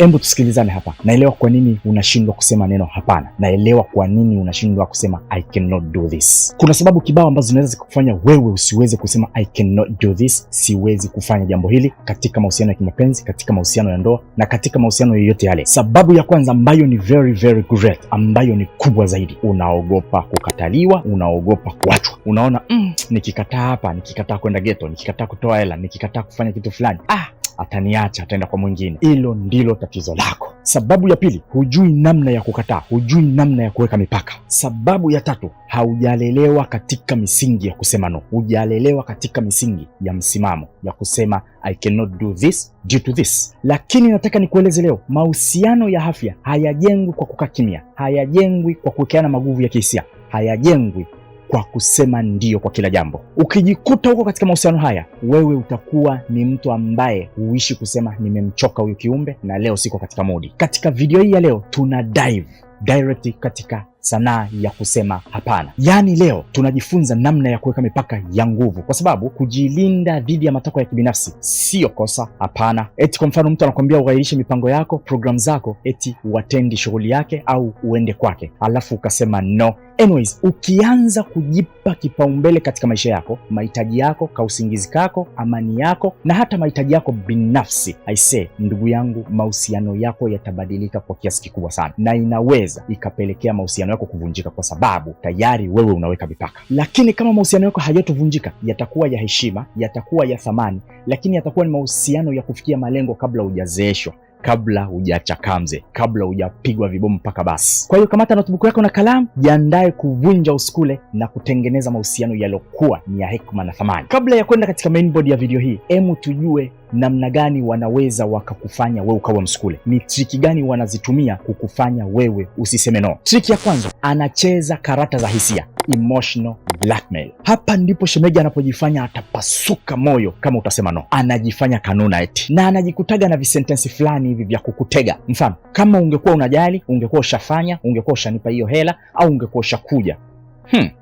Hebu tusikilizane hapa. Naelewa kwa nini unashindwa kusema neno hapana. Naelewa kwa nini unashindwa kusema I cannot do this. Kuna sababu kibao ambazo zinaweza zikakufanya wewe usiweze kusema I cannot do this, siwezi kufanya jambo hili katika mahusiano ya kimapenzi, katika mahusiano ya ndoa na katika mahusiano yoyote yale. Sababu ya kwanza ambayo ni very, very great, ambayo ni kubwa zaidi, unaogopa kukataliwa, unaogopa kuachwa. Unaona mm, nikikataa hapa, nikikataa kwenda geto, nikikataa kutoa hela, nikikataa kufanya kitu fulani ah, ataniacha, ataenda kwa mwingine. Hilo ndilo tatizo lako. Sababu ya pili, hujui namna ya kukataa, hujui namna ya kuweka mipaka. Sababu ya tatu, haujalelewa katika misingi ya kusema no, hujalelewa katika misingi ya msimamo ya kusema I cannot do this due to this. Lakini nataka nikueleze leo, mahusiano ya afya hayajengwi kwa kukaa kimya, hayajengwi kwa kuwekeana maguvu ya kihisia, hayajengwi kwa kusema ndio kwa kila jambo. Ukijikuta huko katika mahusiano haya, wewe utakuwa ni mtu ambaye huishi kusema nimemchoka huyu kiumbe na leo siko katika modi. Katika video hii ya leo tuna dive direct katika sanaa ya kusema hapana. Yaani leo tunajifunza namna ya kuweka mipaka ya nguvu, kwa sababu kujilinda dhidi ya matakwa ya kibinafsi siyo kosa. Hapana. Eti kwa mfano mtu anakuambia ughairishe mipango yako, programu zako, eti uatendi shughuli yake au uende kwake, alafu ukasema no. Anyways, ukianza kujipa kipaumbele katika maisha yako, mahitaji yako, kausingizi kako, amani yako na hata mahitaji yako binafsi, aisee, ndugu yangu, mahusiano yako yatabadilika kwa kiasi kikubwa sana na inaweza inaweza ikapelekea mahusiano yako kuvunjika, kwa sababu tayari wewe unaweka mipaka. Lakini kama mahusiano yako hayatovunjika, yatakuwa ya heshima, yatakuwa ya thamani, lakini yatakuwa ni mahusiano ya kufikia malengo kabla hujazeeshwa kabla hujachakamze kabla hujapigwa vibomu mpaka basi. Kwa hiyo kamata notebook yako na kalamu, jiandae kuvunja uskule na kutengeneza mahusiano yaliyokuwa ni ya hekima na thamani. Kabla ya kwenda katika mainboard ya video hii, hemu tujue namna gani wanaweza wakakufanya wewe ukawa msukule, ni triki gani wanazitumia kukufanya wewe usiseme no. Triki ya kwanza, anacheza karata za hisia, emotional blackmail. Hapa ndipo shemeji anapojifanya atapasuka moyo kama utasema no. Anajifanya kanuna eti, na anajikutaga na visentensi fulani hivi vya kukutega. Mfano, kama ungekuwa unajali, ungekuwa ushafanya, ungekuwa ushanipa hiyo hela, au ungekuwa ushakuja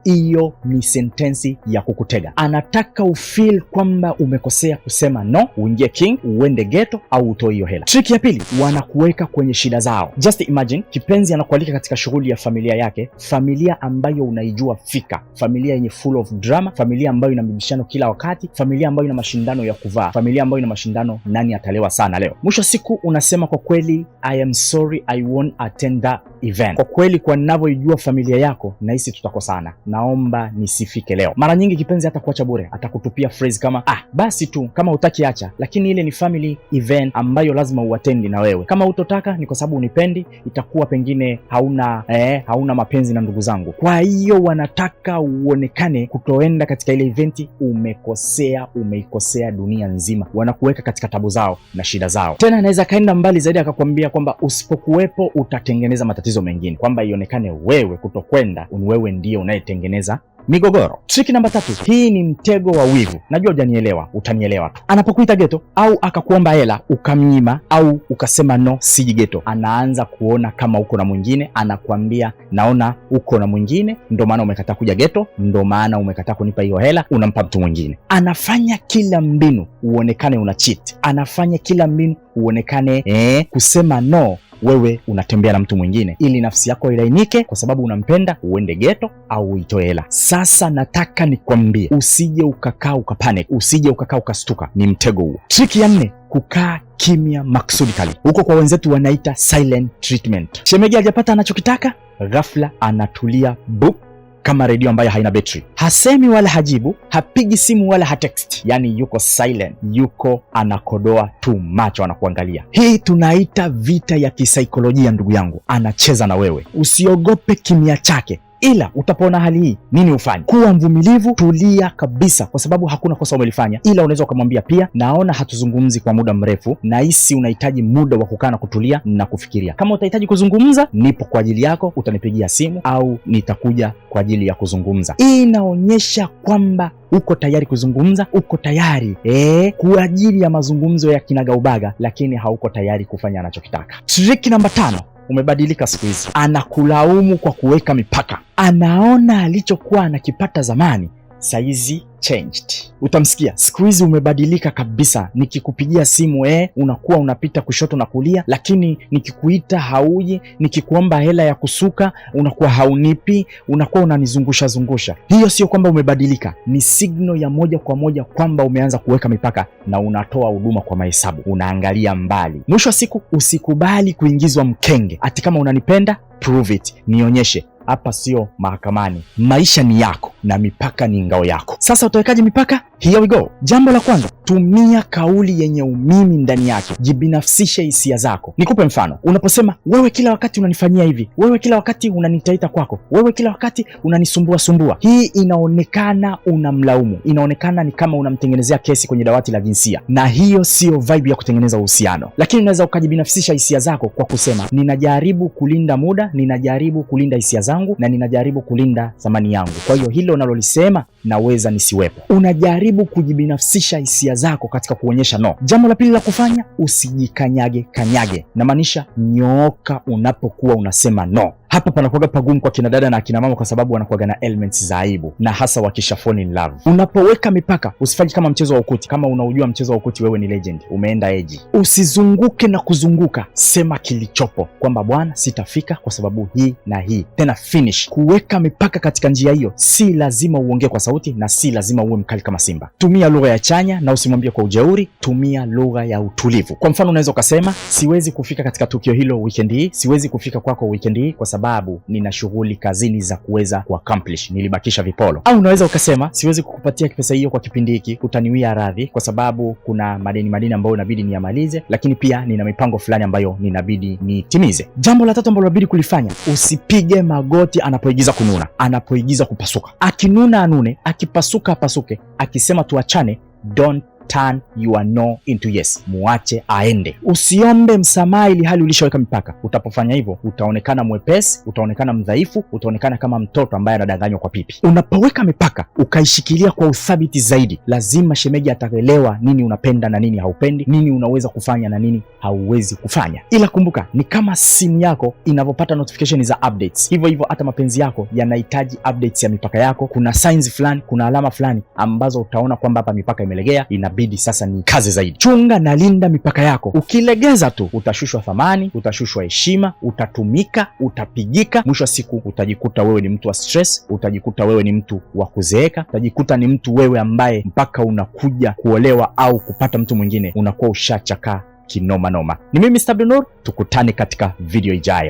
hiyo hmm, ni sentensi ya kukutega. Anataka ufeel kwamba umekosea kusema no, uingie king, uende geto au utoe hiyo hela. Triki ya pili, wanakuweka kwenye shida zao. Just imagine kipenzi anakualika katika shughuli ya familia yake, familia ambayo unaijua fika, familia yenye full of drama, familia ambayo ina mibishano kila wakati, familia ambayo ina mashindano ya kuvaa, familia ambayo ina mashindano nani atalewa sana leo. Mwisho wa siku unasema kwa kweli, I am sorry, I won't attend that event. Kwa kweli, kwa ninavyoijua familia yako, nahisi tutakosana. Naomba nisifike leo. Mara nyingi kipenzi hata kuacha bure, atakutupia phrase kama ah, basi tu kama hutaki acha, lakini ile ni family event ambayo lazima uatendi na wewe. Kama hutotaka ni kwa sababu unipendi, itakuwa pengine hauna eh, hauna mapenzi na ndugu zangu. Kwa hiyo wanataka uonekane kutoenda katika ile eventi. Umekosea, umeikosea dunia nzima. Wanakuweka katika tabu zao na shida zao. Tena anaweza akaenda mbali zaidi akakwambia kwamba usipokuwepo utatengeneza matatizo matatizo mengine, kwamba ionekane wewe kutokwenda ni wewe ndiye unayetengeneza migogoro. Triki namba tatu, hii ni mtego wa wivu. Najua hujanielewa, utanielewa tu. Anapokuita geto au akakuomba hela ukamnyima au ukasema no, siji geto, anaanza kuona kama uko na mwingine, anakwambia naona uko na mwingine, ndo maana umekataa kuja geto, ndo maana umekataa kunipa hiyo hela, unampa mtu mwingine. Anafanya kila mbinu uonekane una cheat, anafanya kila mbinu uonekane eh, kusema no wewe unatembea na mtu mwingine ili nafsi yako ilainike, kwa sababu unampenda, uende geto au uitoe hela. Sasa nataka nikwambie, usije ukakaa ukapanic, usije ukakaa ukastuka. Ni mtego huo. Triki ya nne, kukaa kimya maksudikali. Huko kwa wenzetu wanaita silent treatment. Shemegi hajapata anachokitaka, ghafla anatulia buk kama redio ambayo haina betri. Hasemi wala hajibu, hapigi simu wala hatext, yani yuko silent, yuko anakodoa tu macho, anakuangalia. Hii tunaita vita ya kisaikolojia, ndugu yangu, anacheza na wewe. Usiogope kimya chake, ila utapoona hali hii, nini ufanye? Kuwa mvumilivu, tulia kabisa, kwa sababu hakuna kosa umelifanya, ila unaweza ukamwambia pia, naona hatuzungumzi kwa muda mrefu, nahisi unahitaji muda wa kukaa na kutulia na kufikiria. Kama utahitaji kuzungumza, nipo kwa ajili yako, utanipigia simu au nitakuja kwa ajili ya kuzungumza. Hii inaonyesha kwamba uko tayari kuzungumza, uko tayari eh, kwa ajili ya mazungumzo ya kinagaubaga, lakini hauko tayari kufanya anachokitaka. Trick namba tano umebadilika siku hizi. Anakulaumu kwa kuweka mipaka, anaona alichokuwa anakipata zamani saizi changed. Utamsikia siku hizi umebadilika kabisa, nikikupigia simu eh, unakuwa unapita kushoto na kulia, lakini nikikuita hauji, nikikuomba hela ya kusuka unakuwa haunipi, unakuwa unanizungusha zungusha. Hiyo sio kwamba umebadilika, ni signal ya moja kwa moja kwamba umeanza kuweka mipaka na unatoa huduma kwa mahesabu, unaangalia mbali. Mwisho wa siku, usikubali kuingizwa mkenge, ati kama unanipenda prove it, nionyeshe. Hapa sio mahakamani, maisha ni yako na mipaka ni ngao yako. Sasa utawekaje mipaka? Here we go. Jambo la kwanza, tumia kauli yenye umimi ndani yake, jibinafsishe hisia zako. Nikupe mfano, unaposema wewe kila wakati unanifanyia hivi, wewe kila wakati unanitaita kwako, wewe kila wakati unanisumbua sumbua, hii inaonekana unamlaumu, inaonekana ni kama unamtengenezea kesi kwenye dawati la jinsia, na hiyo siyo vibe ya kutengeneza uhusiano. Lakini unaweza ukajibinafsisha hisia zako kwa kusema, ninajaribu kulinda muda, ninajaribu kulinda hisia zangu, na ninajaribu kulinda thamani yangu. Kwa hiyo hilo lile unalolisema naweza nisiwepo. Unajaribu kujibinafsisha hisia zako katika kuonyesha no. Jambo la pili la kufanya, usijikanyage kanyage, namaanisha nyooka unapokuwa unasema no. Hapa panakuwaga pagumu kwa kina dada na akina mama, kwa sababu wanakuwaga na elements za aibu, na hasa wakisha fall in love. Unapoweka mipaka, usifanye kama mchezo wa ukuti. Kama unaujua mchezo wa ukuti, wewe ni legend, umeenda eji. Usizunguke na kuzunguka, sema kilichopo, kwamba bwana, sitafika kwa sababu hii na hii, tena finish. Kuweka mipaka katika njia hiyo si lazima uongee kwa sauti na si lazima uwe mkali kama simba. Tumia lugha ya chanya na usimwambie kwa ujeuri, tumia lugha ya utulivu. Kwa mfano, unaweza ukasema siwezi kufika katika tukio hilo weekend hii, siwezi kufika kwako kwa weekend hii kwa sababu nina shughuli kazini za kuweza kuaccomplish, nilibakisha vipolo. Au unaweza ukasema siwezi kukupatia pesa hiyo kwa kipindi hiki, utaniwia radhi kwa sababu kuna madeni madeni ambayo inabidi niyamalize, lakini pia nina mipango fulani ambayo ninabidi nitimize. Jambo la tatu ambalo inabidi kulifanya, usipige magoti anapoigiza kununa, anapoigiza kupasuka akinuna anune, akipasuka apasuke, akisema tuachane, don't turn your no into yes, muache aende. Usiombe msamaha ili hali ulishaweka mipaka. Utapofanya hivyo, utaonekana mwepesi, utaonekana mdhaifu, utaonekana kama mtoto ambaye anadanganywa kwa pipi. Unapoweka mipaka ukaishikilia kwa uthabiti zaidi, lazima shemeji ataelewa nini unapenda na nini haupendi, nini unaweza kufanya na nini hauwezi kufanya. Ila kumbuka, ni kama simu yako inavyopata notification za updates, hivyo hivyo hata mapenzi yako yanahitaji updates ya mipaka yako. Kuna signs fulani, kuna alama fulani ambazo utaona kwamba hapa mipaka imelegea ina inabidi sasa ni kazi zaidi. Chunga na linda mipaka yako, ukilegeza tu utashushwa thamani, utashushwa heshima, utatumika, utapigika. Mwisho wa siku utajikuta wewe ni mtu wa stress, utajikuta wewe ni mtu wa kuzeeka, utajikuta ni mtu wewe ambaye mpaka unakuja kuolewa au kupata mtu mwingine unakuwa ushachakaa kinoma noma. Ni mimi Mr. tukutane katika video ijayo.